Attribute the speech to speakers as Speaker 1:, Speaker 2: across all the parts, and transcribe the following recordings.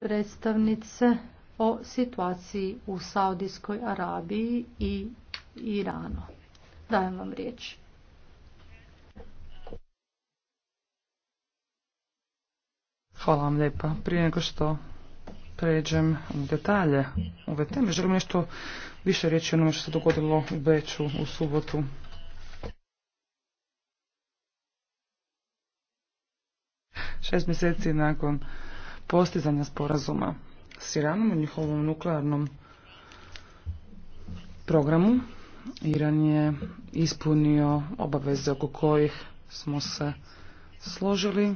Speaker 1: predstavnice o situaciji u Saudijskoj Arabiji i Iranu. Dajem vam riječ.
Speaker 2: Hvala vam lijepa. Prije nego što pređem u detalje ove teme, želim nešto više reći o što se dogodilo u Beću u subotu. Šest mjeseci nakon postizanja sporazuma s Iranom u njihovom nuklearnom programu. Iran je ispunio obaveze oko kojih smo se složili.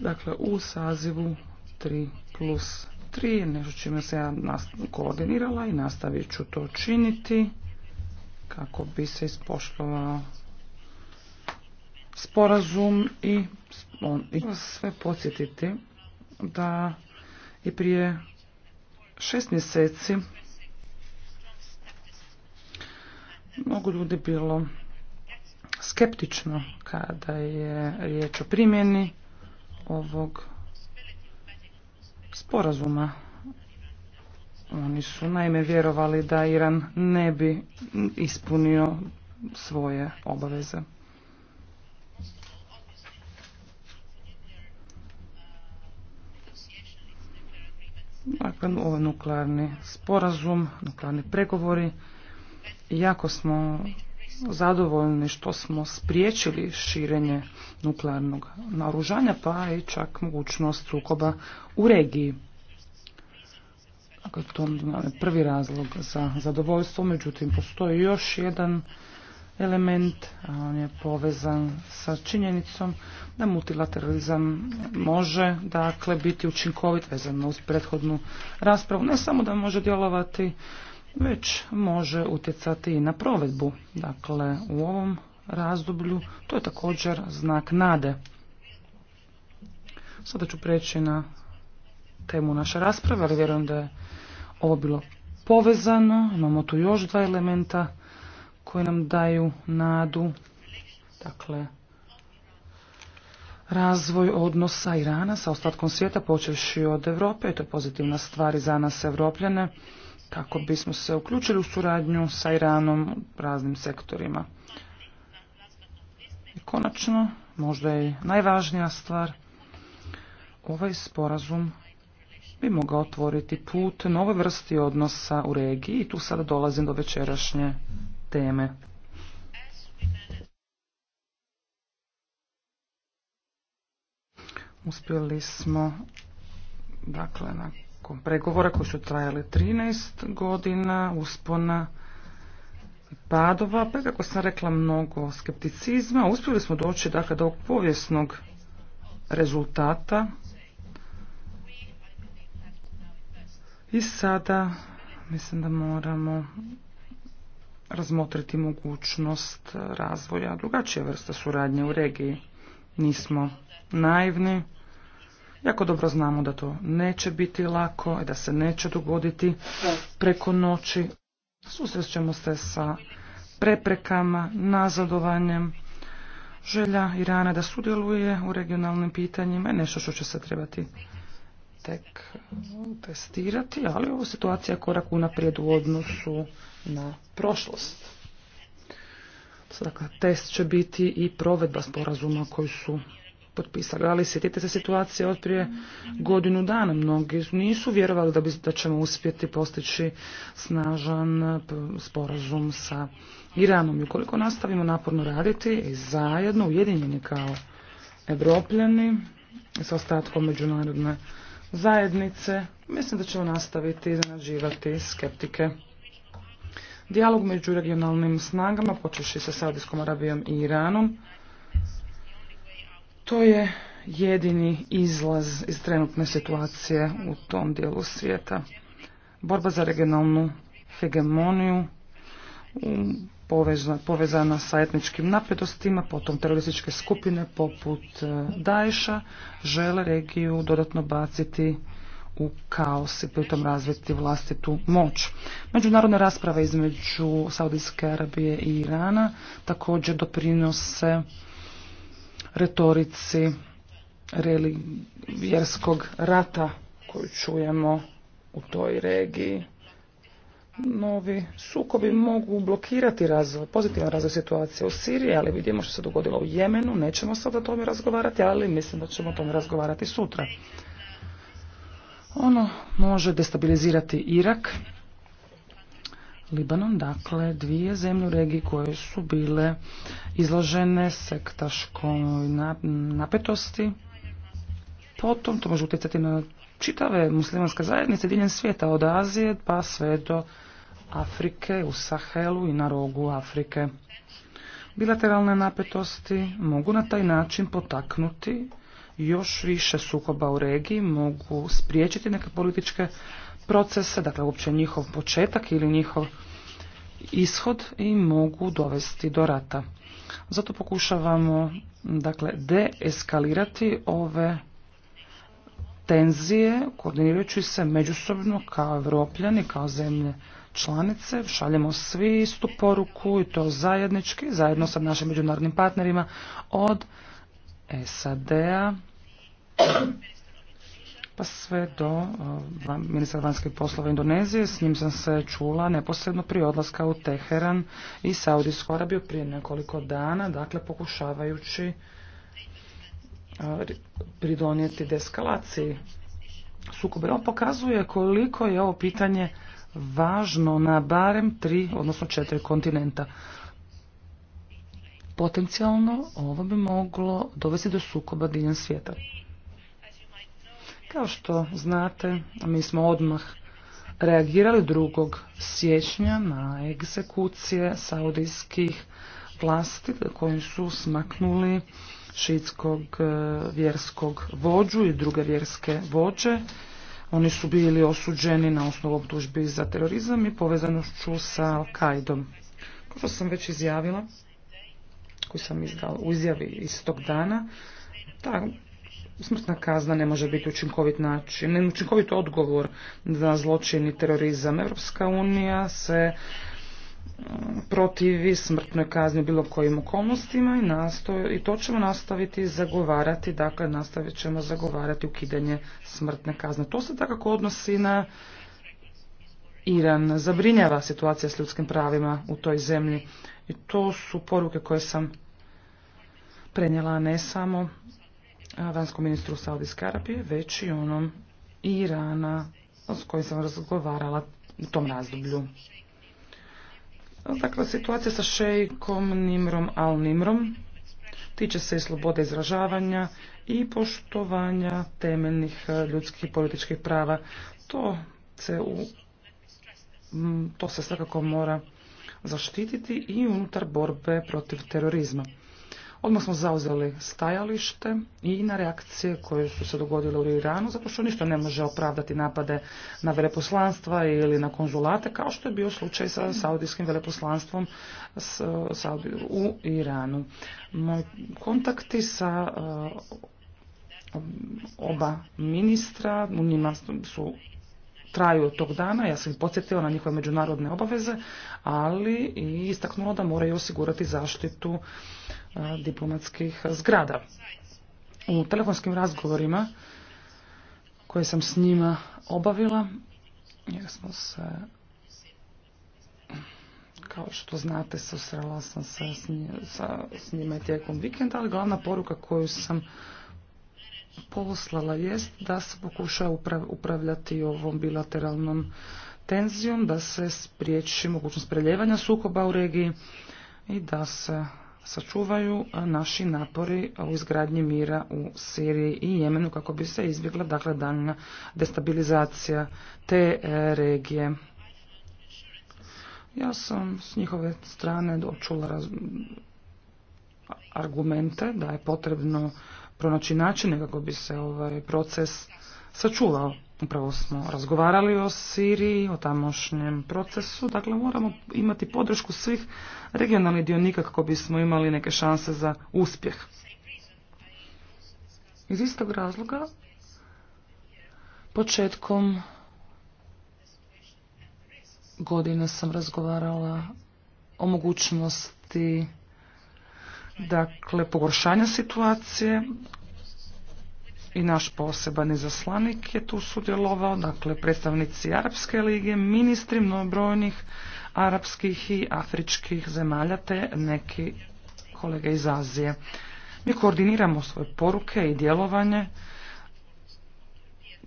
Speaker 2: Dakle, u sazivu 3 plus 3, nešto čime se ja koordinirala i nastavit ću to činiti kako bi se ispoštovao sporazum i on i sve podsjetiti da i prije šest mjeseci mnogo ljudi bilo skeptično kada je riječ o primjeni ovog sporazuma. Oni su naime vjerovali da Iran ne bi ispunio svoje obaveze. Dakle, ovaj nuklearni sporazum, nuklearni pregovori. Jako smo zadovoljni što smo spriječili širenje nuklearnog naoružanja, pa i čak mogućnost sukoba u regiji. Dakle, to je prvi razlog za zadovoljstvo, međutim, postoji još jedan element, on je povezan sa činjenicom da multilateralizam može dakle biti učinkovit vezano uz prethodnu raspravu. Ne samo da može djelovati, već može utjecati i na provedbu. Dakle, u ovom razdoblju to je također znak nade. Sada ću preći na temu naše rasprave, ali vjerujem da je ovo bilo povezano. Imamo tu još dva elementa koje nam daju nadu, dakle, razvoj odnosa Irana sa ostatkom svijeta, počevši od Europe, to je pozitivna stvar i za nas Evropljane, kako bismo se uključili u suradnju sa Iranom u raznim sektorima. I konačno, možda je najvažnija stvar, ovaj sporazum bi mogao otvoriti put nove vrsti odnosa u regiji i tu sada dolazim do večerašnje teme. Uspjeli smo, dakle, nakon pregovora koji su trajali 13 godina, uspona padova, pa kako sam rekla mnogo skepticizma, uspjeli smo doći dakle, do povijesnog rezultata i sada mislim da moramo razmotriti mogućnost razvoja drugačije vrste suradnje u regiji. Nismo naivni, jako dobro znamo da to neće biti lako, i da se neće dogoditi preko noći. Susrećemo se sa preprekama, nazadovanjem, želja Irana da sudjeluje u regionalnim pitanjima je nešto što će se trebati tek testirati, ali ovo situacija je korak unaprijed u odnosu na prošlost. Dakle, test će biti i provedba sporazuma koji su potpisali. Ali sjetite se situacije od prije godinu dana. Mnogi nisu vjerovali da, bi, da ćemo uspjeti postići snažan sporazum sa Iranom. I ukoliko nastavimo naporno raditi i zajedno ujedinjeni kao evropljani sa ostatkom međunarodne zajednice, mislim da ćemo nastaviti iznenađivati skeptike. Dijalog među regionalnim snagama, počeši sa Saudijskom Arabijom i Iranom, to je jedini izlaz iz trenutne situacije u tom dijelu svijeta. Borba za regionalnu hegemoniju povezana sa etničkim napetostima, potom terorističke skupine poput eh, Daesha žele regiju dodatno baciti u kaos i pritom razviti vlastitu moć. Međunarodne rasprave između Saudijske Arabije i Irana također doprinose retorici vjerskog rata koju čujemo u toj regiji. Novi sukobi mogu blokirati razvoj, pozitivan razvoj situacije u Siriji, ali vidimo što se dogodilo u Jemenu, nećemo sada o tome razgovarati, ali mislim da ćemo o tome razgovarati sutra. Ono može destabilizirati Irak, Libanon, dakle dvije zemlje u regiji koje su bile izložene sektaškoj napetosti. Potom to može utjecati na čitave muslimanske zajednice diljem svijeta od Azije pa sve do Afrike, u Sahelu i na rogu Afrike. Bilateralne napetosti mogu na taj način potaknuti još više sukoba u regiji, mogu spriječiti neke političke procese, dakle uopće njihov početak ili njihov ishod i mogu dovesti do rata. Zato pokušavamo dakle deeskalirati ove tenzije koordinirajući se međusobno kao evropljani, kao zemlje članice. Šaljemo svi istu poruku i to zajednički, zajedno sa našim međunarodnim partnerima od SAD-a, pa sve do uh, ministra vanjskih poslova Indonezije. S njim sam se čula neposredno prije odlaska u Teheran i Saudijsku Arabiju prije nekoliko dana, dakle pokušavajući uh, pridonijeti deskalaciji sukoba. On pokazuje koliko je ovo pitanje važno na barem tri, odnosno četiri kontinenta. Potencijalno ovo bi moglo dovesti do sukoba diljem svijeta. Kao što znate, mi smo odmah reagirali 2. siječnja na egzekucije saudijskih vlasti koji su smaknuli šitskog e, vjerskog vođu i druge vjerske vođe. Oni su bili osuđeni na osnovu optužbi za terorizam i povezanošću sa Al-Kaidom. Kao što sam već izjavila, koju sam izdala u izjavi iz tog dana, ta smrtna kazna ne može biti učinkovit način, učinkovit odgovor na zločin i terorizam. Europska unija se e, protivi smrtnoj kazni u bilo kojim okolnostima i, nastoj, i to ćemo nastaviti zagovarati, dakle nastavit ćemo zagovarati ukidanje smrtne kazne. To se takako odnosi na Iran. Zabrinjava situacija s ljudskim pravima u toj zemlji i to su poruke koje sam prenijela ne samo vanjskom ministru Saudijske Arabije, već i onom Irana s kojim sam razgovarala u tom razdoblju. Dakle, situacija sa šejkom Nimrom al-Nimrom tiče se i slobode izražavanja i poštovanja temeljnih e, ljudskih i političkih prava. To se, u, to se svakako mora zaštititi i unutar borbe protiv terorizma. Odmah smo zauzeli stajalište i na reakcije koje su se dogodile u Iranu, zato što ništa ne može opravdati napade na veleposlanstva ili na konzulate, kao što je bio slučaj sa saudijskim veleposlanstvom u Iranu. kontakti sa e, oba ministra, u njima su traju od tog dana, ja sam ih podsjetila na njihove međunarodne obaveze, ali i istaknula da moraju osigurati zaštitu diplomatskih zgrada. U telefonskim razgovorima koje sam s njima obavila, jer smo se, kao što znate, susrela sam se s njima tijekom vikenda, ali glavna poruka koju sam poslala jest da se pokuša upravljati ovom bilateralnom tenzijom, da se spriječi mogućnost preljevanja sukoba u regiji i da se sačuvaju naši napori u izgradnji mira u Siriji i Jemenu kako bi se izbjegla dakle daljnja destabilizacija te e, regije. Ja sam s njihove strane dočula argumente da je potrebno pronaći načine kako bi se ovaj proces sačuvao. Upravo smo razgovarali o Siriji, o tamošnjem procesu, dakle moramo imati podršku svih regionalnih dionika kako bismo imali neke šanse za uspjeh. Iz istog razloga, početkom godine sam razgovarala o mogućnosti dakle pogoršanja situacije i naš poseban izaslanik je tu sudjelovao, dakle predstavnici Arapske lige, ministri mnobrojnih arapskih i afričkih zemalja te neki kolege iz Azije. Mi koordiniramo svoje poruke i djelovanje,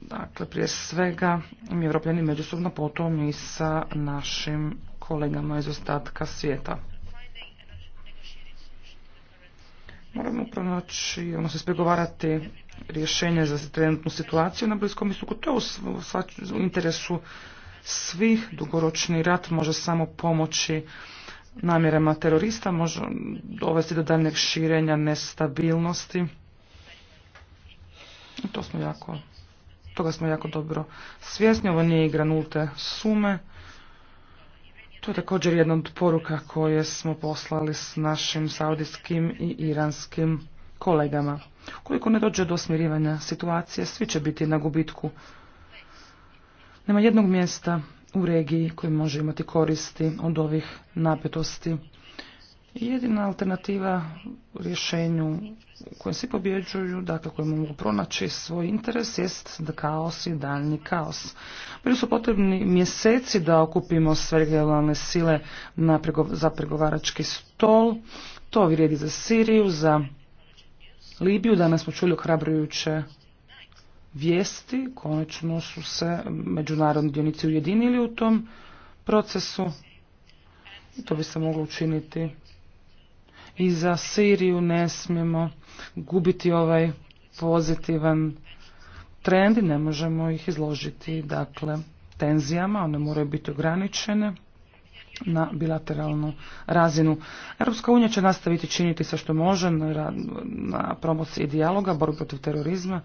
Speaker 2: dakle prije svega mi Europljani međusobno potom i sa našim kolegama iz ostatka svijeta. Moramo pronaći, ono se spregovarati rješenje za trenutnu situaciju na Bliskom istoku. To je u interesu svih. Dugoročni rat može samo pomoći namjerama terorista, može dovesti do daljnjeg širenja nestabilnosti. I to smo jako, toga smo jako dobro svjesni. Ovo nije igra nulte sume. To je također jedna od poruka koje smo poslali s našim saudijskim i iranskim kolegama. Koliko ne dođe do smirivanja situacije, svi će biti na gubitku. Nema jednog mjesta u regiji koji može imati koristi od ovih napetosti. Jedina alternativa rješenju u kojem svi pobjeđuju, dakle koje mogu pronaći svoj interes, jest da kaos i daljni kaos. Bili su potrebni mjeseci da okupimo sve regionalne sile za pregovarački stol. To vrijedi za Siriju, za Libiju. Danas smo čuli ohrabrujuće vijesti. Konačno su se međunarodni dionici ujedinili u tom procesu. I to bi se moglo učiniti. I za Siriju ne smijemo gubiti ovaj pozitivan trend i ne možemo ih izložiti dakle, tenzijama. One moraju biti ograničene na bilateralnu razinu. Europska unija će nastaviti činiti sve što može na promociji dijaloga, borbi protiv terorizma.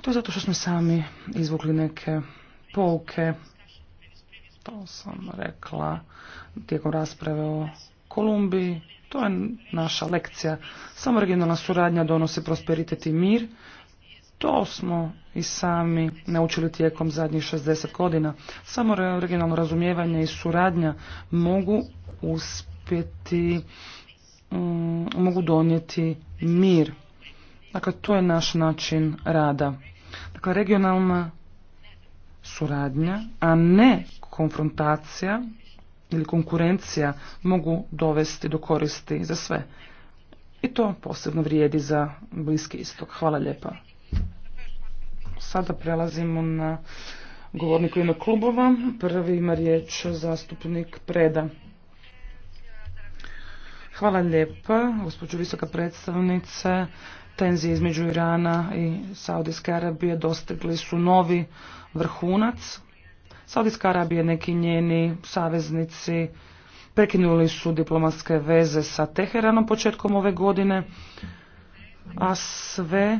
Speaker 2: To je zato što smo sami izvukli neke pouke. To sam rekla tijekom rasprave o Kolumbiji. To je naša lekcija. Samo regionalna suradnja donosi prosperitet i mir. To smo i sami naučili tijekom zadnjih 60 godina. Samo regionalno razumijevanje i suradnja mogu uspjeti, mm, mogu donijeti mir. Dakle, to je naš način rada. Dakle, regionalna suradnja, a ne konfrontacija ili konkurencija mogu dovesti do koristi za sve. I to posebno vrijedi za Bliski istok. Hvala lijepa. Sada prelazimo na u ime klubova. Prvi ima riječ zastupnik Preda. Hvala lijepa, gospođo visoka predstavnice. Tenzije između Irana i Saudijske Arabije dostigli su novi vrhunac. Saudijska Arabija neki njeni saveznici prekinuli su diplomatske veze sa Teheranom početkom ove godine, a sve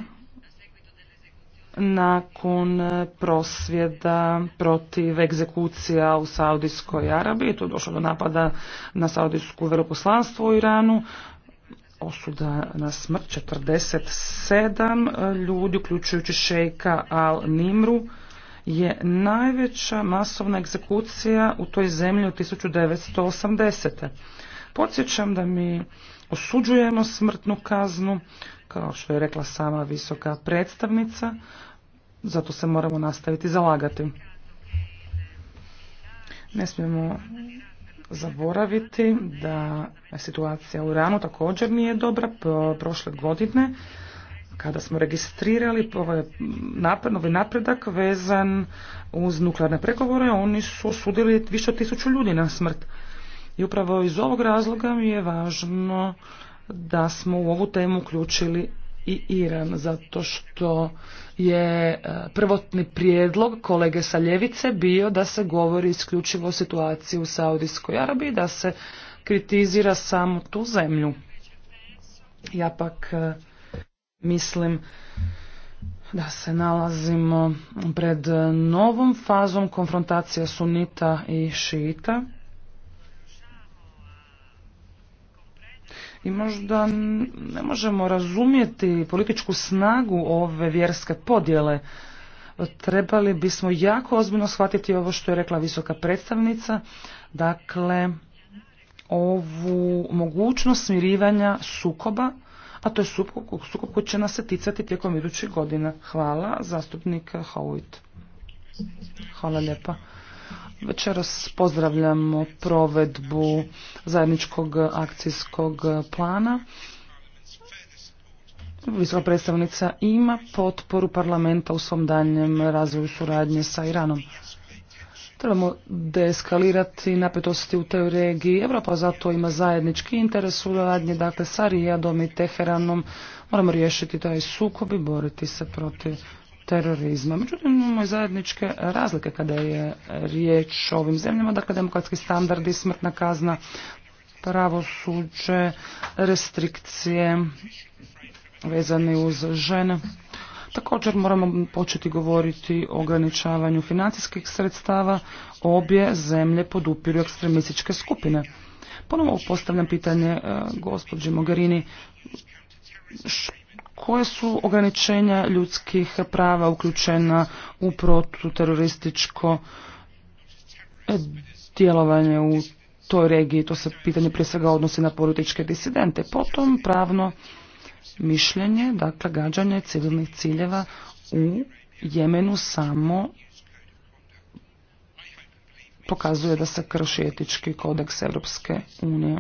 Speaker 2: nakon e, prosvjeda protiv egzekucija u Saudijskoj Arabiji. To je došlo do napada na Saudijsku veleposlanstvo u Iranu. Osuda na smrt 47 e, ljudi, uključujući šejka Al-Nimru, je najveća masovna egzekucija u toj zemlji od 1980. Podsjećam da mi osuđujemo smrtnu kaznu, kao što je rekla sama visoka predstavnica, zato se moramo nastaviti zalagati. Ne smijemo zaboraviti da situacija u Iranu također nije dobra. Prošle godine kada smo registrirali ovaj novi napredak vezan uz nuklearne pregovore, oni su osudili više od tisuću ljudi na smrt. I upravo iz ovog razloga mi je važno da smo u ovu temu uključili i Iran, zato što je e, prvotni prijedlog kolege sa ljevice bio da se govori isključivo o situaciji u Saudijskoj Arabiji, da se kritizira samo tu zemlju. Ja pak e, mislim da se nalazimo pred novom fazom konfrontacija sunita i šita i možda ne možemo razumjeti političku snagu ove vjerske podjele. Trebali bismo jako ozbiljno shvatiti ovo što je rekla visoka predstavnica, dakle ovu mogućnost smirivanja sukoba, a to je sukob, koji će nas se ticati tijekom idućih godina. Hvala, zastupnik Howitt. Hvala lijepa. Večeras pozdravljamo provedbu zajedničkog akcijskog plana. Visoka predstavnica ima potporu parlamenta u svom daljem razvoju suradnje sa Iranom. Trebamo deeskalirati napetosti u toj regiji. Evropa zato ima zajednički interes u radnje. dakle sa Rijadom i Teheranom. Moramo riješiti taj sukob i boriti se protiv terorizma. Međutim, imamo i zajedničke razlike kada je riječ o ovim zemljama, dakle demokratski standardi, smrtna kazna, pravosuđe, restrikcije vezane uz žene. Također moramo početi govoriti o ograničavanju financijskih sredstava. Obje zemlje podupiru ekstremističke skupine. Ponovo postavljam pitanje eh, gospođi Mogherini koje su ograničenja ljudskih prava uključena u protuterorističko e, djelovanje u toj regiji. To se pitanje prije svega odnosi na političke disidente. Potom pravno mišljenje, dakle gađanje civilnih ciljeva u Jemenu samo pokazuje da se krši etički kodeks Europske unije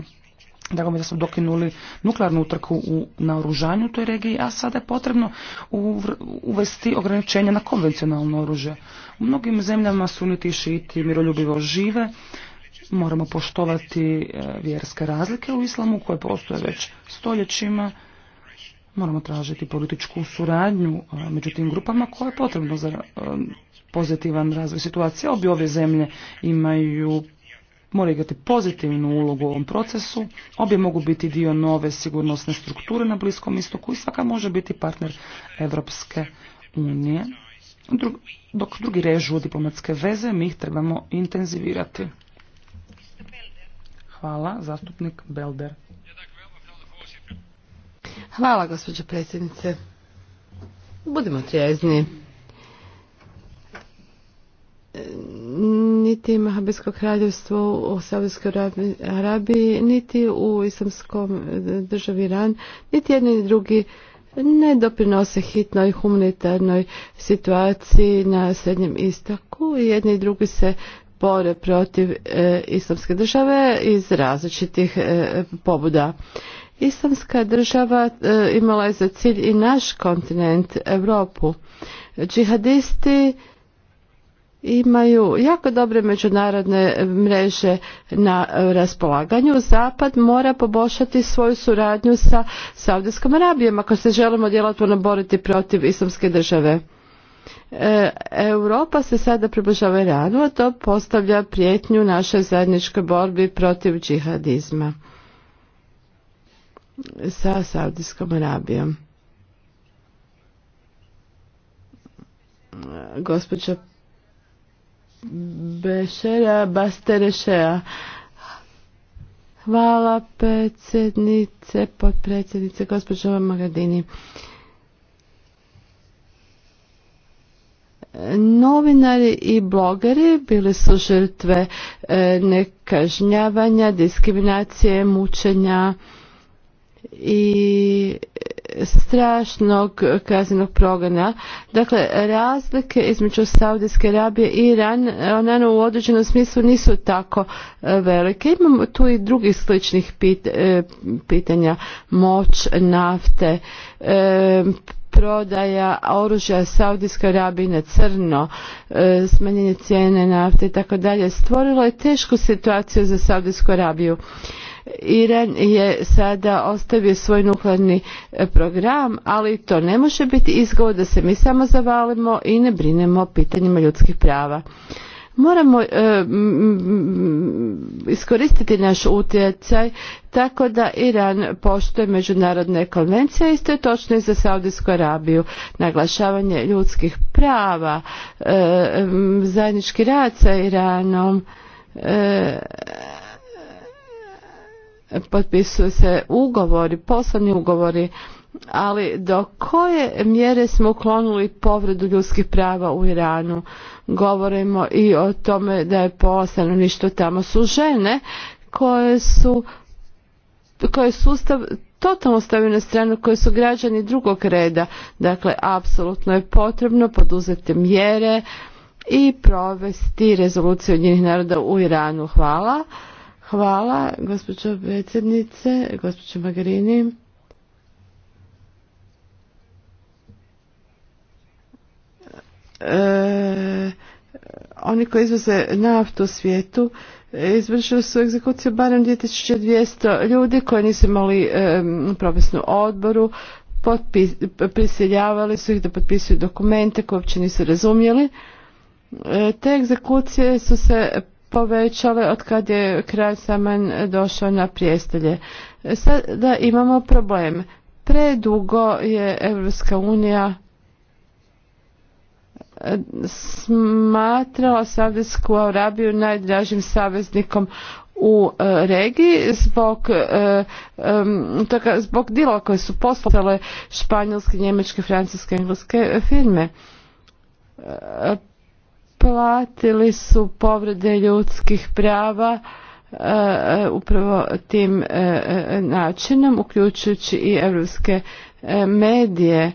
Speaker 2: da da smo dokinuli nuklearnu utrku u naoružanju u toj regiji, a sada je potrebno uvesti ograničenja na konvencionalno oružje. U mnogim zemljama suniti i šiti miroljubivo žive, moramo poštovati e, vjerske razlike u islamu koje postoje već stoljećima, moramo tražiti političku suradnju e, među tim grupama koje je potrebno za e, pozitivan razvoj situacije. Obje ove zemlje imaju mora igrati pozitivnu ulogu u ovom procesu. Obje mogu biti dio nove sigurnosne strukture na Bliskom istoku i svaka može biti partner Evropske unije. dok drugi režu diplomatske veze, mi ih trebamo intenzivirati. Hvala, zastupnik
Speaker 3: Belder. Hvala, gospođo predsjednice. Budimo trezni niti Mahabijsko kraljevstvo u Saudijskoj Arabiji, niti u islamskom državi Iran, niti jedni i drugi ne doprinose hitnoj humanitarnoj situaciji na Srednjem i Jedni i drugi se bore protiv e, islamske države iz različitih e, pobuda. Islamska država e, imala je za cilj i naš kontinent, Europu. Džihadisti imaju jako dobre međunarodne mreže na raspolaganju. Zapad mora poboljšati svoju suradnju sa Saudijskom Arabijom ako se želimo djelotvorno boriti protiv islamske države. E, Europa se sada približava Iranu, a to postavlja prijetnju našoj zajedničkoj borbi protiv džihadizma sa Saudijskom Arabijom. Gospođa Bešera Basterešea. Hvala predsjednice, potpredsjednice, gospođo Magadini. Novinari i blogeri bili su žrtve e, nekažnjavanja, diskriminacije, mučenja i strašnog kaznenog progona. Dakle, razlike između Saudijske Arabije i Iran, ona u određenom smislu nisu tako e, velike. Imamo tu i drugih sličnih e, pitanja. Moć nafte, e, prodaja oružja Saudijske Arabije na crno, smanjenje cijene nafte i tako dalje, stvorilo je tešku situaciju za Saudijsku Arabiju. Iran je sada ostavio svoj nuklearni e, program, ali to ne može biti izgovor da se mi samo zavalimo i ne brinemo o pitanjima ljudskih prava. Moramo e, iskoristiti naš utjecaj tako da Iran poštuje međunarodne konvencije, isto je točno i za Saudijsku Arabiju. Naglašavanje ljudskih prava, e, zajednički rad sa Iranom, e, potpisuju se ugovori, poslovni ugovori, ali do koje mjere smo uklonili povredu ljudskih prava u Iranu? Govorimo i o tome da je poslano ništo tamo su žene koje su koje sustav totalno stavio na stranu koje su građani drugog reda. Dakle, apsolutno je potrebno poduzeti mjere i provesti rezoluciju njih naroda u Iranu. Hvala. Hvala, gospođo predsjednice, gospođo Magarini. E, oni koji izvoze naftu svijetu e, izvršili su egzekuciju barem 2200 ljudi koji nisu imali e, propisnu odboru, potpis, prisiljavali su ih da potpisuju dokumente koje uopće nisu razumjeli. te egzekucije su se povećale od kad je kralj Saman došao na prijestelje. Sada imamo problem. Predugo je Europska unija e, smatrala Savjetsku Arabiju najdražim saveznikom u e, regiji zbog, e, zbog dila koje su poslale španjolske, njemačke, francuske, engleske firme platili su povrede ljudskih prava e, e, upravo tim e, načinom uključujući i europske medije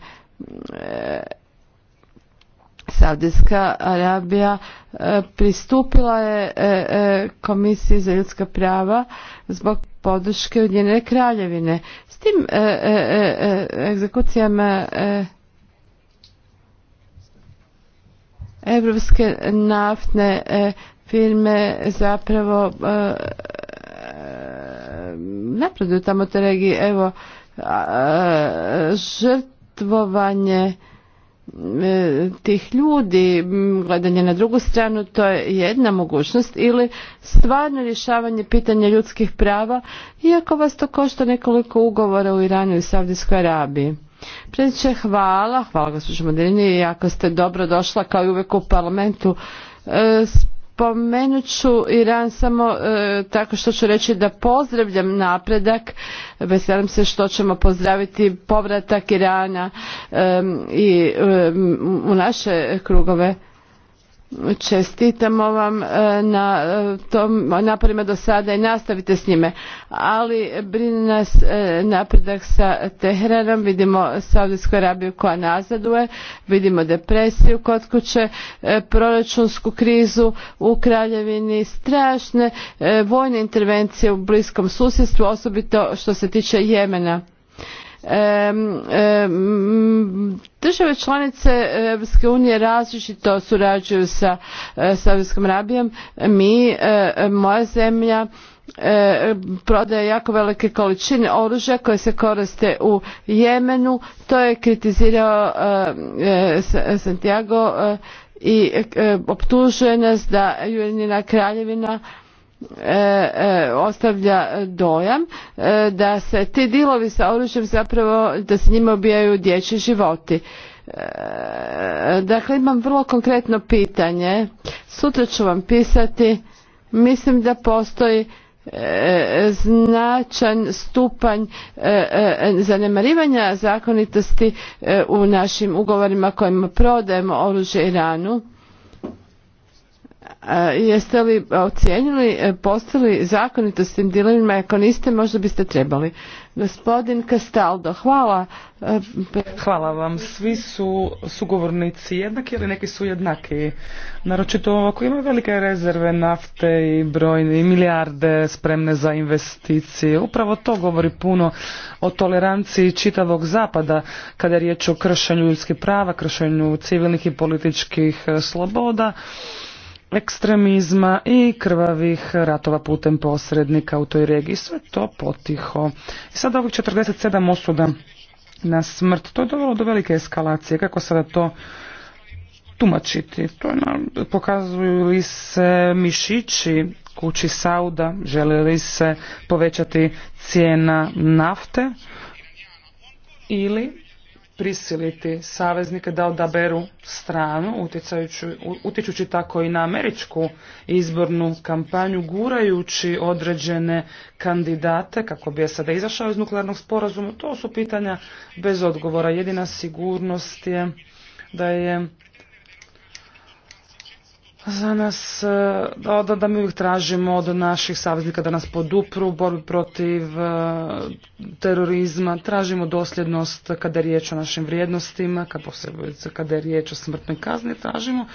Speaker 3: Saudijska Arabija pristupila je Komisiji za ljudska prava zbog podrške Ujedinjene kraljevine. S tim egzekucijama Evropske naftne e, firme zapravo e, e, napreduju tamo te regije. Evo, žrtvovanje tih ljudi, gledanje na drugu stranu, to je jedna mogućnost ili stvarno rješavanje pitanja ljudskih prava, iako vas to košta nekoliko ugovora u Iranu i Saudijskoj Arabiji. Predsjedniče, hvala. Hvala gospođo Modrini. jako ste dobro došla kao i uvijek u parlamentu, e, spomenut ću Iran samo e, tako što ću reći da pozdravljam napredak, veselim se što ćemo pozdraviti povratak Irana e, i u naše krugove čestitamo vam e, na e, tom naporima do sada i nastavite s njime ali brine nas e, napredak sa Teheranom vidimo Saudijsku Arabiju koja nazaduje vidimo depresiju kod kuće proračunsku krizu u kraljevini strašne vojne intervencije u bliskom susjedstvu osobito što se tiče Jemena Države članice Europske unije različito surađuju sa e, Saudijskom Arabijom. Mi, e, moja zemlja, e, prodaje jako velike količine oružja koje se koriste u Jemenu. To je kritizirao Santiago i optužuje nas da Ujedinjena kraljevina E, e, ostavlja dojam e, da se ti dilovi sa oružjem zapravo da se njima obijaju dječji životi. Dakle, imam vrlo konkretno pitanje. Sutra ću vam pisati. Mislim da postoji značan stupanj zanemarivanja zakonitosti u našim ugovorima kojima prodajemo oružje Iranu E, jeste li ocijenili, e, postali zakonito s tim dilemima, ako niste možda biste trebali. Gospodin Castaldo, hvala. E, hvala vam. Svi
Speaker 2: su sugovornici jednaki ili neki su jednaki. Naročito ako imaju velike rezerve nafte i brojne i milijarde spremne za investicije. Upravo to govori puno o toleranciji čitavog zapada kada je riječ o kršenju ljudskih prava, kršenju civilnih i političkih sloboda ekstremizma i krvavih ratova putem posrednika u toj regiji. Sve to potiho. I sada ovih 47 osuda na smrt, to je dovelo do velike eskalacije. Kako sada to tumačiti? To pokazuju li se mišići kući Sauda, Žele li se povećati cijena nafte ili prisiliti saveznike da odaberu stranu, utječući tako i na američku izbornu kampanju, gurajući određene kandidate kako bi je sada izašao iz nuklearnog sporazuma. To su pitanja bez odgovora. Jedina sigurnost je da je za nas, e, da, mi uvijek tražimo od naših saveznika da nas podupru u borbi protiv e, terorizma, tražimo dosljednost kada je riječ o našim vrijednostima, kada je riječ o smrtnoj kazni, tražimo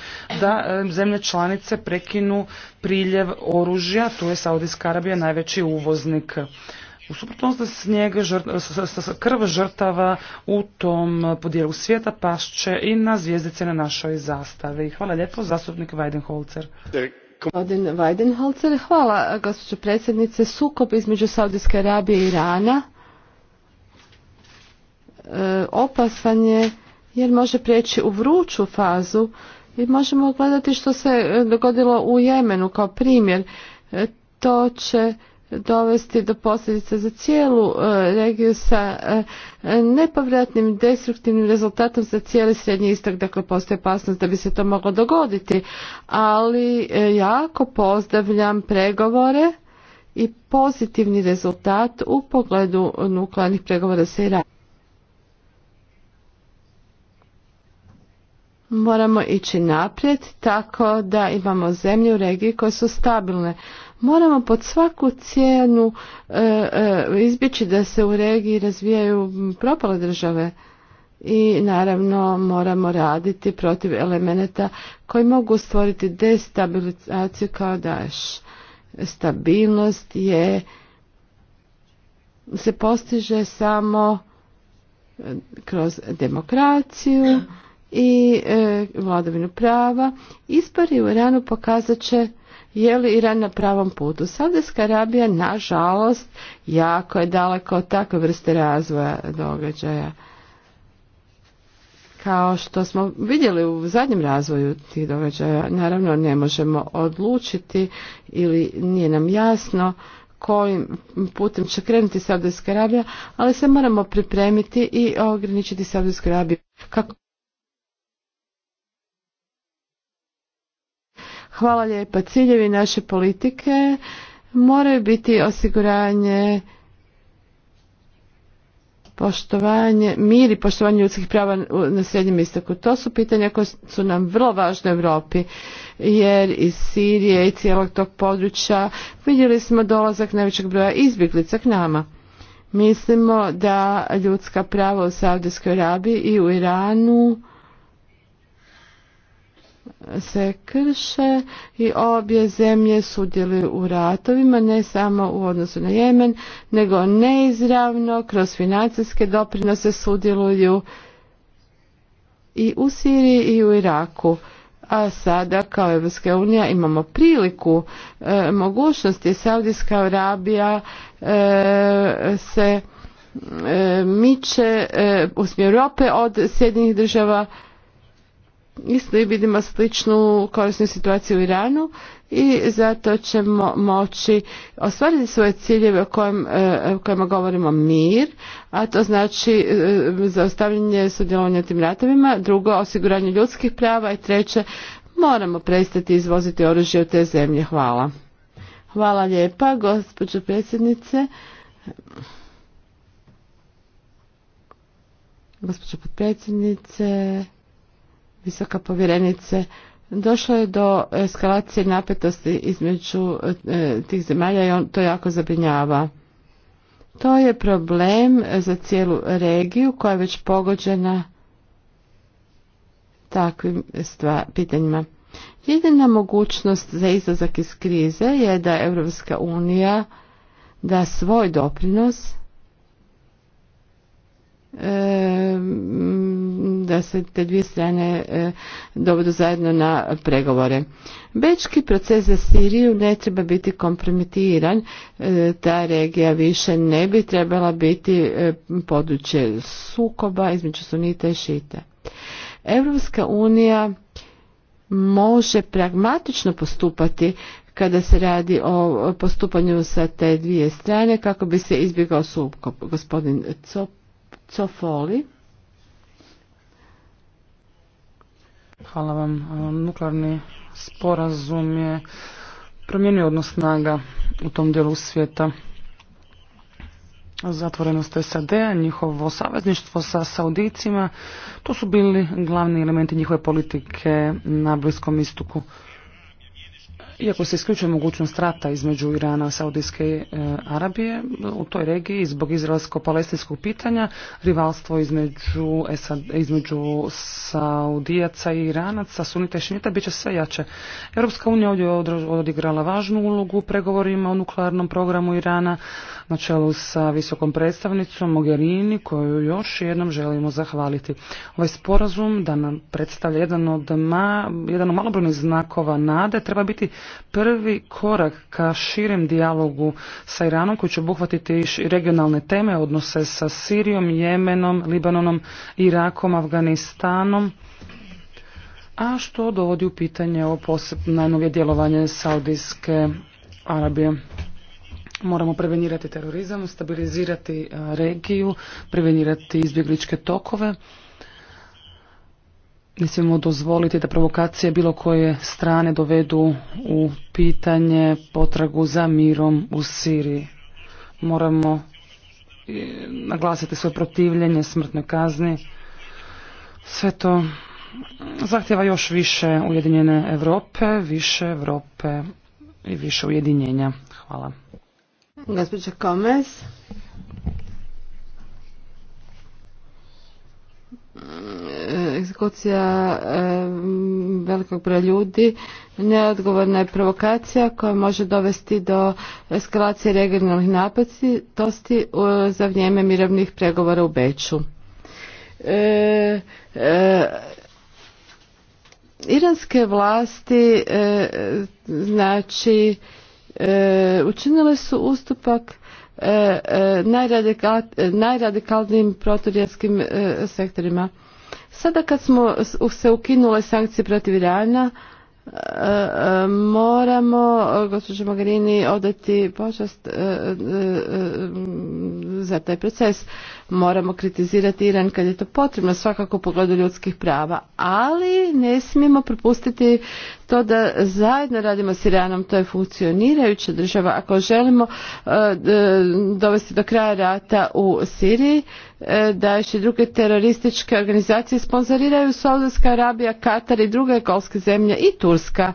Speaker 2: da e, zemlje članice prekinu priljev oružja, tu je Saudijska Arabija najveći uvoznik u suprotnosti snijega sa krv žrtava u tom podijelu svijeta pašće i na zvijezdice na našoj zastavi. Hvala lijepo, zastupnik Weidenholzer.
Speaker 3: Gospodin Weidenholzer, hvala eh, gospođo predsjednice. Sukob između Saudijske Arabije i Irana eh, opasan je jer može prijeći u vruću fazu i možemo gledati što se eh, dogodilo u Jemenu kao primjer. to će dovesti do posljedica za cijelu e, regiju sa e, e, nepovratnim destruktivnim rezultatom za cijeli srednji istok, dakle postoji opasnost da bi se to moglo dogoditi, ali jako pozdravljam pregovore i pozitivni rezultat u pogledu nuklearnih pregovora sa Iranom. Moramo ići naprijed tako da imamo zemlje u regiji koje su stabilne. Moramo pod svaku cijenu e, e, izbjeći da se u regiji razvijaju propale države i naravno moramo raditi protiv elemenata koji mogu stvoriti destabilizaciju kao daš. Stabilnost je se postiže samo kroz demokraciju i e, vladavinu prava. Ispari u Iranu pokazat će je li Iran na pravom putu. Saudijska Arabija, nažalost, jako je daleko od takve vrste razvoja događaja. Kao što smo vidjeli u zadnjem razvoju tih događaja, naravno ne možemo odlučiti ili nije nam jasno kojim putem će krenuti Saudijska Arabija, ali se moramo pripremiti i ograničiti Saudijsku Arabiju kako Hvala lijepa. Ciljevi naše politike moraju biti osiguranje poštovanje, mir i poštovanje ljudskih prava na Srednjem istoku. To su pitanja koja su nam vrlo važne u Europi, jer iz Sirije i cijelog tog područja vidjeli smo dolazak najvećeg broja izbjeglica k nama. Mislimo da ljudska prava u Saudijskoj Arabiji i u Iranu se krše i obje zemlje sudjeluju u ratovima ne samo u odnosu na Jemen nego neizravno kroz financijske doprinose sudjeluju i u Siriji i u Iraku a sada kao Evropska unija imamo priliku e, mogućnosti Saudijska Arabija e, se e, miče smjeru Europe od Sjedinjenih država isto i vidimo sličnu korisnu situaciju u Iranu i zato ćemo moći ostvariti svoje ciljeve o e, kojima govorimo mir, a to znači e, zaustavljanje sudjelovanja tim ratovima, drugo osiguranje ljudskih prava i treće moramo prestati izvoziti oružje u te zemlje. Hvala. Hvala lijepa, gospođo predsjednice. Gospođo potpredsjednice, visoka povjerenice, došlo je do eskalacije napetosti između e, tih zemalja i on to jako zabrinjava. To je problem za cijelu regiju koja je već pogođena takvim pitanjima. Jedina mogućnost za izlazak iz krize je da Europska unija da svoj doprinos E, mm, da se te dvije strane e, dovedu zajedno na pregovore. Bečki proces za Siriju ne treba biti kompromitiran, e, ta regija više ne bi trebala biti područje sukoba između sunita i šita. Europska unija može pragmatično postupati kada se radi o postupanju sa te dvije strane kako bi se izbjegao sukob. Gospodin Cop Cofoli.
Speaker 2: Hvala vam. E, nuklearni sporazum je promijenio odnos snaga u tom dijelu svijeta. Zatvorenost sad njihovo savezništvo sa Saudicima, to su bili glavni elementi njihove politike na Bliskom istoku. Iako se isključuje mogućnost rata između Irana i Saudijske e, Arabije, u toj regiji zbog izraelsko-palestinskog pitanja rivalstvo između, između Saudijaca i Iranaca, Sunita i bit će sve jače. Europska unija ovdje odigrala važnu ulogu u pregovorima o nuklearnom programu Irana na čelu sa visokom predstavnicom Mogherini, koju još jednom želimo zahvaliti. Ovaj sporazum da nam predstavlja jedan od, ma, jedan od malobrojnih znakova nade treba biti prvi korak ka širem dijalogu sa Iranom koji će obuhvatiti i regionalne teme, odnose sa Sirijom, Jemenom, Libanonom, Irakom, Afganistanom, a što dovodi u pitanje o posebno djelovanje Saudijske Arabije. Moramo prevenirati terorizam, stabilizirati regiju, prevenirati izbjegličke tokove. Ne smijemo dozvoliti da provokacije bilo koje strane dovedu u pitanje potragu za mirom u Siriji. Moramo e, naglasiti svoje protivljenje smrtnoj kazni. Sve to zahtjeva još više ujedinjene Europe, više Europe i više ujedinjenja. Hvala.
Speaker 3: Gospodin egzekucija e, velikog broja ljudi neodgovorna je provokacija koja može dovesti do eskalacije regionalnih napetosti e, za vrijeme mirovnih pregovora u Beču. E, iranske vlasti e, znači učinile su ustupak E, e, najradikalnijim proturjevskim e, sektorima. Sada kad smo se ukinule sankcije protiv Irana, moramo, gospođo Mogherini, odati počast za taj proces moramo kritizirati Iran kad je to potrebno svakako u pogledu ljudskih prava, ali ne smijemo propustiti to da zajedno radimo s Iranom, to je funkcionirajuća država. Ako želimo e, dovesti do kraja rata u Siriji, e, da i druge terorističke organizacije sponzoriraju Saudijska Arabija, Katar i druge golske zemlje i Turska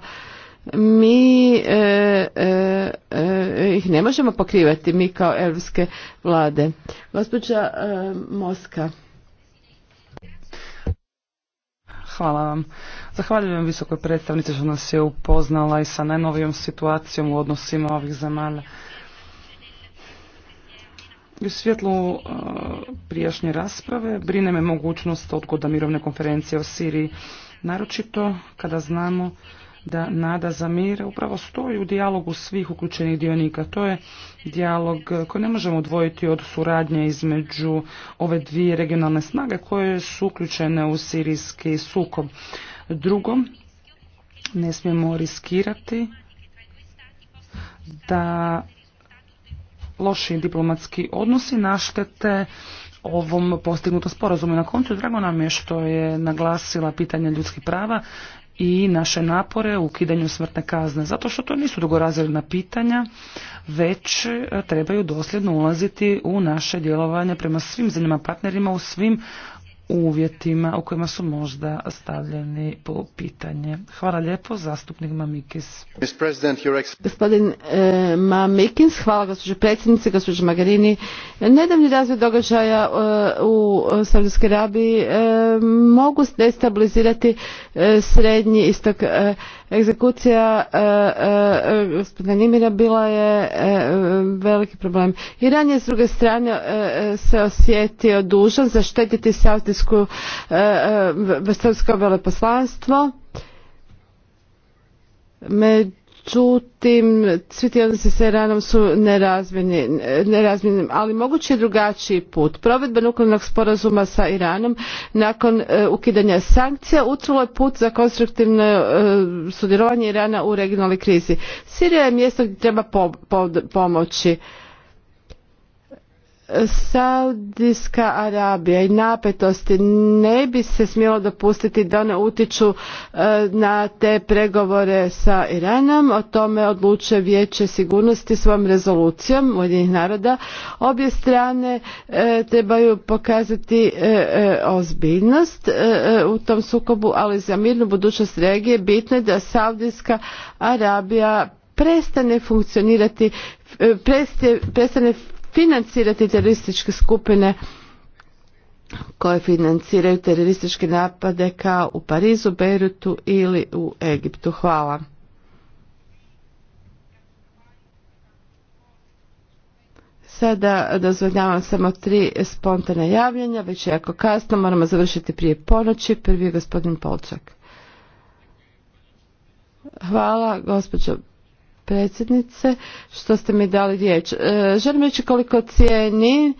Speaker 3: mi e, e, e, ih ne možemo pokrivati, mi kao europske vlade. Gospođa e, Moska.
Speaker 2: Hvala vam. Zahvaljujem visokoj predstavnici što nas je upoznala i sa najnovijom situacijom u odnosima ovih zemalja. U svjetlu e, prijašnje rasprave brine me mogućnost odgoda mirovne konferencije u Siriji, naročito kada znamo da nada za mir upravo stoji u dijalogu svih uključenih dionika. To je dijalog koji ne možemo odvojiti od suradnje između ove dvije regionalne snage koje su uključene u sirijski sukob. Drugo, ne smijemo riskirati da loši diplomatski odnosi naštete ovom postignutom sporazumu. Na koncu drago nam je što je naglasila pitanje ljudskih prava i naše napore u ukidanju smrtne kazne, zato što to nisu dugorazredna pitanja, već e, trebaju dosljedno ulaziti u naše djelovanje prema svim zemljama partnerima u svim uvjetima u kojima su možda stavljeni po pitanje. Hvala lijepo, zastupnik Mamikis.
Speaker 3: Gospodin e, Mamikis, hvala gospođo predsjednice, gospođo Magarini. Nedavni razvoj događaja e, u Saudijskoj Arabiji e, mogu destabilizirati srednji istok. Egzekucija gospodina Nimira bila je veliki problem. Iran je s druge strane se osjetio dužan zaštetiti Saudijsku Srpsku, e, e, Srpsko veleposlanstvo. Međutim, svi ti odnosi sa Iranom su nerazmjeni, ali mogući je drugačiji put. Provedba nuklearnog sporazuma sa Iranom nakon e, ukidanja sankcija utrulo je put za konstruktivno sudjelovanje Irana u regionalnoj krizi. Sirija je mjesto gdje treba pomoći. Saudijska Arabija i napetosti ne bi se smjelo dopustiti da one utiču e, na te pregovore sa Iranom. O tome odlučuje Vijeće sigurnosti svom rezolucijom Ujedinjenih naroda. Obje strane e, trebaju pokazati e, ozbiljnost u tom sukobu, ali za mirnu budućnost regije bitno je da Saudijska Arabija prestane funkcionirati prestane financirati terorističke skupine koje financiraju terorističke napade kao u Parizu, Beirutu ili u Egiptu. Hvala. Sada dozvoljavam samo tri spontane javljanja, već je jako kasno, moramo završiti prije ponoći. Prvi je gospodin Polčak. Hvala, gospođo predsjednice što ste mi dali riječ. E, želim reći koliko cijeni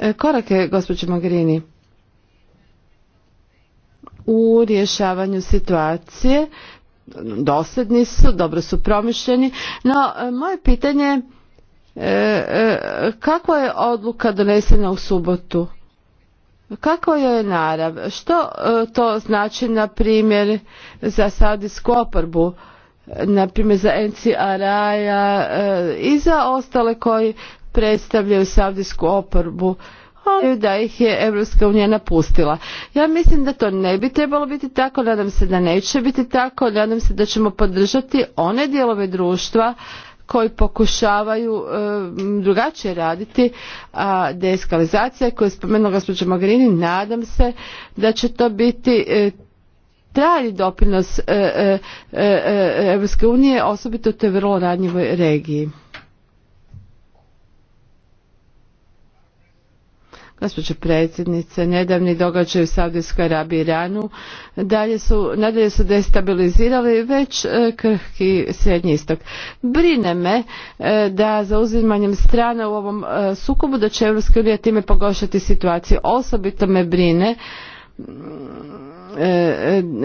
Speaker 3: e, korake gospođe Magrini u rješavanju situacije. Dosljedni su, dobro su promišljeni, no e, moje pitanje kako kakva je odluka donesena u subotu? Kako je narav? Što to znači, na primjer, za saudijsku oporbu? na primjer za NCRI-a eh, i za ostale koji predstavljaju saudijsku oporbu da ih je Europska unija napustila. Ja mislim da to ne bi trebalo biti tako, nadam se da neće biti tako, nadam se da ćemo podržati one dijelove društva koji pokušavaju eh, drugačije raditi a deeskalizacija koju je spomenula gospođa Mogherini nadam se da će to biti eh, trajni doprinos Europske e, e, e, unije, osobito toj vrlo ranjivoj regiji. gospođo predsjednice nedavni događaj u saudijskoj arabiji i iranu dalje su, nadalje su destabilizirali već krhki srednji istok brine me da zauzimanjem strana u ovom sukobu da će europska unija time pogoršati situaciju osobito me brine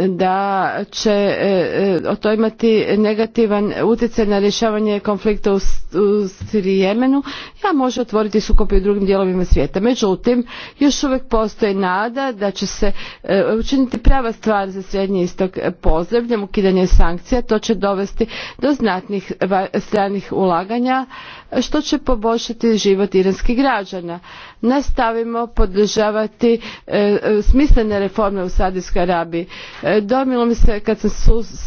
Speaker 3: da će e, e, to imati negativan utjecaj na rješavanje konflikta u Jemenu, ja može otvoriti sukob u drugim dijelovima svijeta. Međutim, još uvijek postoji nada da će se e, učiniti prava stvar za Srednji istok pozdravljam ukidanje sankcija, to će dovesti do znatnih stranih ulaganja što će poboljšati život iranskih građana. Nastavimo podržavati smisla zdravstvene reforme u Saudijskoj Arabiji. E, domilo mi se kad sam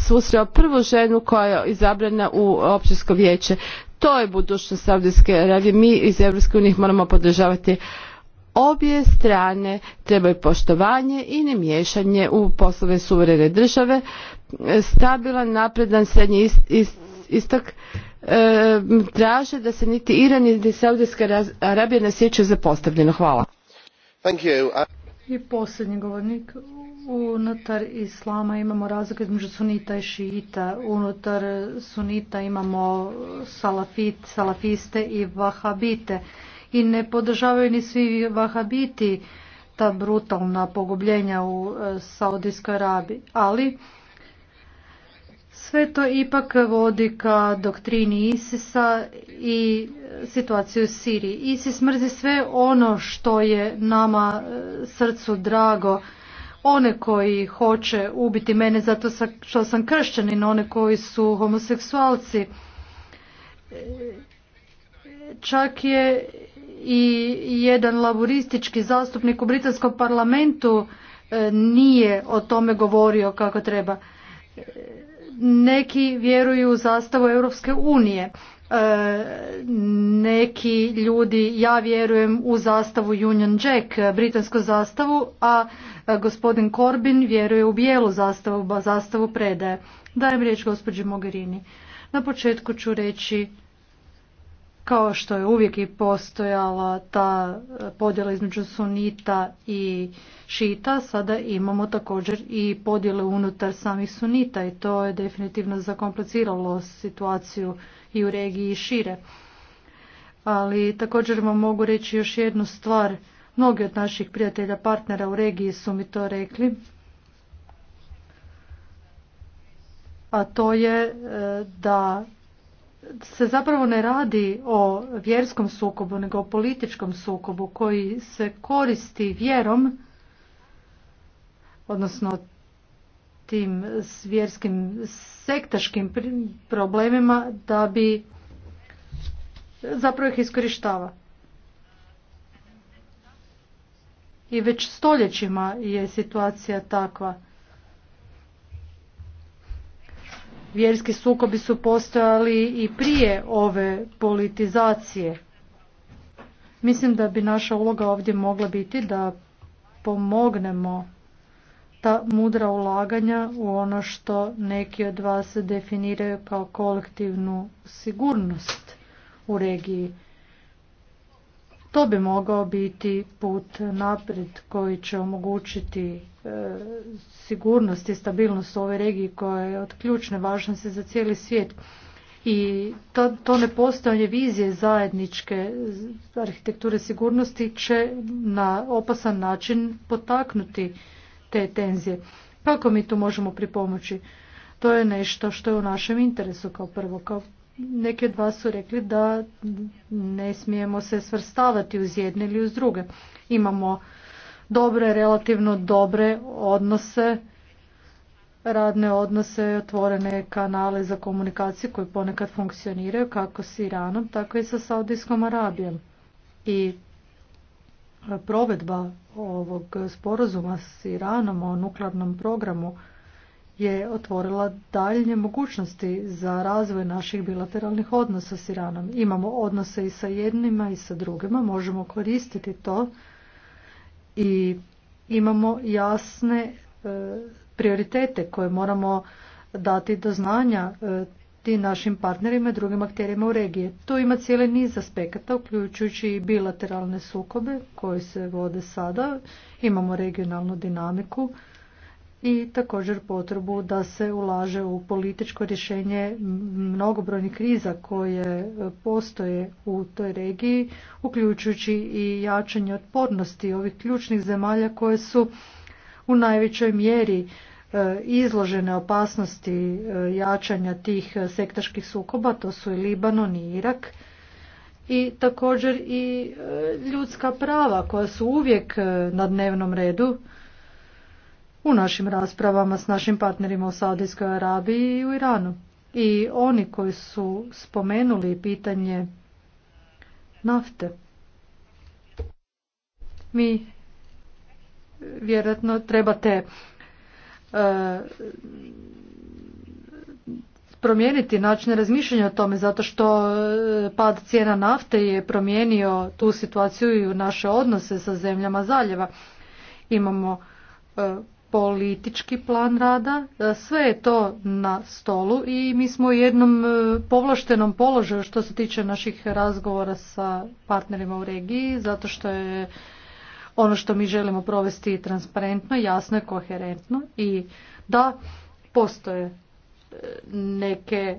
Speaker 3: susreo prvu ženu koja je izabrana u općinsko vijeće. To je budućnost Saudijske Arabije. Mi iz EU moramo podržavati. Obje strane trebaju poštovanje i nemiješanje u poslove suverene države. E, stabilan, napredan, srednji istok e, traže da se niti Iran niti Saudijska Arabija ne za zapostavljeno. Hvala.
Speaker 1: I posljednji govornik, unutar islama imamo razlike između sunita i šiita. Unutar sunita imamo salafit, salafiste i vahabite. I ne podržavaju ni svi vahabiti ta brutalna pogubljenja u eh, Saudijskoj Arabiji. Ali sve to ipak vodi ka doktrini Isisa i situaciju u Siriji. ISIS mrzi sve ono što je nama e, srcu drago. One koji hoće ubiti mene zato što sam kršćanin, one koji su homoseksualci. E, čak je i jedan laboristički zastupnik u britanskom parlamentu e, nije o tome govorio kako treba neki vjeruju u zastavu Europske unije. E, neki ljudi, ja vjerujem u zastavu Union Jack, britansku zastavu, a gospodin Corbyn vjeruje u bijelu zastavu, zastavu predaje. Dajem riječ gospođi Mogherini. Na početku ću reći kao što je uvijek i postojala ta podjela između sunita i šita, sada imamo također i podjele unutar samih sunita i to je definitivno zakompliciralo situaciju i u regiji i šire. Ali također vam mogu reći još jednu stvar. Mnogi od naših prijatelja, partnera u regiji su mi to rekli. A to je e, da se zapravo ne radi o vjerskom sukobu, nego o političkom sukobu koji se koristi vjerom, odnosno tim vjerskim sektaškim problemima da bi zapravo ih iskorištava. I već stoljećima je situacija takva. vjerski sukobi su postojali i prije ove politizacije. Mislim da bi naša uloga ovdje mogla biti da pomognemo ta mudra ulaganja u ono što neki od vas definiraju kao kolektivnu sigurnost u regiji. To bi mogao biti put naprijed koji će omogućiti e, sigurnost i stabilnost u ovoj regiji koja je od ključne važnosti za cijeli svijet. I to, to nepostojanje vizije zajedničke arhitekture sigurnosti će na opasan način potaknuti te tenzije. Kako mi tu možemo pripomoći? To je nešto što je u našem interesu kao prvo. Kao neki od su rekli da ne smijemo se svrstavati uz jedne ili uz druge. Imamo dobre, relativno dobre odnose, radne odnose, otvorene kanale za komunikaciju koji ponekad funkcioniraju kako s Iranom, tako i sa Saudijskom Arabijom. I provedba ovog sporazuma s Iranom o nuklearnom programu je otvorila daljnje mogućnosti za razvoj naših bilateralnih odnosa s Iranom. Imamo odnose i sa jednima i sa drugima, možemo koristiti to i imamo jasne e, prioritete koje moramo dati do znanja ti e, tim našim partnerima i drugim akterima u regiji. Tu ima cijeli niz aspekata, uključujući i bilateralne sukobe koji se vode sada. Imamo regionalnu dinamiku i također potrebu da se ulaže u političko rješenje mnogobrojnih kriza koje postoje u toj regiji, uključujući i jačanje otpornosti ovih ključnih zemalja koje su u najvećoj mjeri e, izložene opasnosti e, jačanja tih sektaških sukoba, to su i Libanon i Irak, i također i e, ljudska prava koja su uvijek na dnevnom redu, u našim raspravama s našim partnerima u Saudijskoj Arabiji i u Iranu. I oni koji su spomenuli pitanje nafte. Mi vjerojatno trebate e, promijeniti način razmišljanja o tome zato što e, pad cijena nafte je promijenio tu situaciju i u naše odnose sa zemljama zaljeva. Imamo e, politički plan rada, e, sve je to na stolu i mi smo u jednom e, povlaštenom položaju što se tiče naših razgovora sa partnerima u regiji, zato što je ono što mi želimo provesti transparentno, jasno i koherentno i da postoje e, neke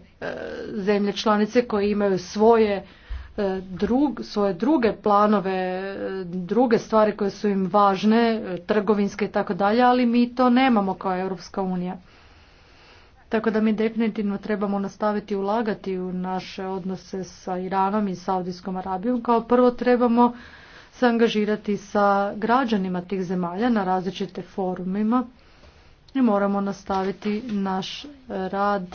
Speaker 1: zemlje članice koje imaju svoje E, drug, svoje druge planove, e, druge stvari koje su im važne, e, trgovinske i tako dalje, ali mi to nemamo kao Europska unija. Tako da mi definitivno trebamo nastaviti ulagati u naše odnose sa Iranom i Saudijskom Arabijom. Kao prvo trebamo se angažirati sa građanima tih zemalja na različite forumima i moramo nastaviti naš rad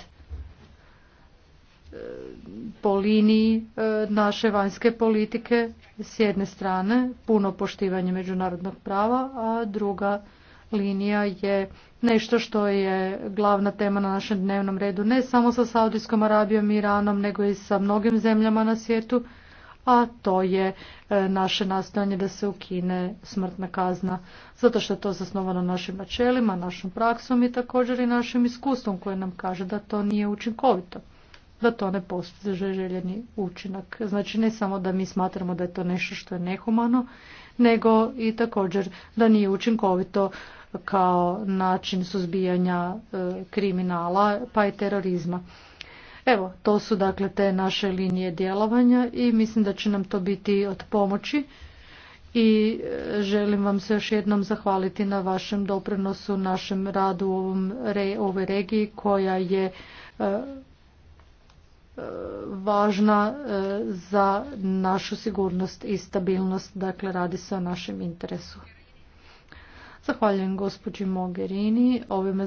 Speaker 1: po liniji e, naše vanjske politike s jedne strane puno poštivanje međunarodnog prava, a druga linija je nešto što je glavna tema na našem dnevnom redu ne samo sa Saudijskom Arabijom i Iranom nego i sa mnogim zemljama na svijetu, a to je e, naše nastojanje da se ukine smrtna kazna zato što je to zasnovano našim načelima, našom praksom i također i našim iskustvom koje nam kaže da to nije učinkovito da to ne postiže željeni učinak. Znači ne samo da mi smatramo da je to nešto što je nehumano, nego i također da nije učinkovito kao način suzbijanja e, kriminala pa i terorizma. Evo, to su dakle te naše linije djelovanja i mislim da će nam to biti od pomoći i e, želim vam se još jednom zahvaliti na vašem doprinosu, našem radu u ovoj regiji koja je e, važna e, za našu sigurnost i stabilnost. Dakle, radi se o našem interesu. Zahvaljujem gospođi Mogherini. Ovime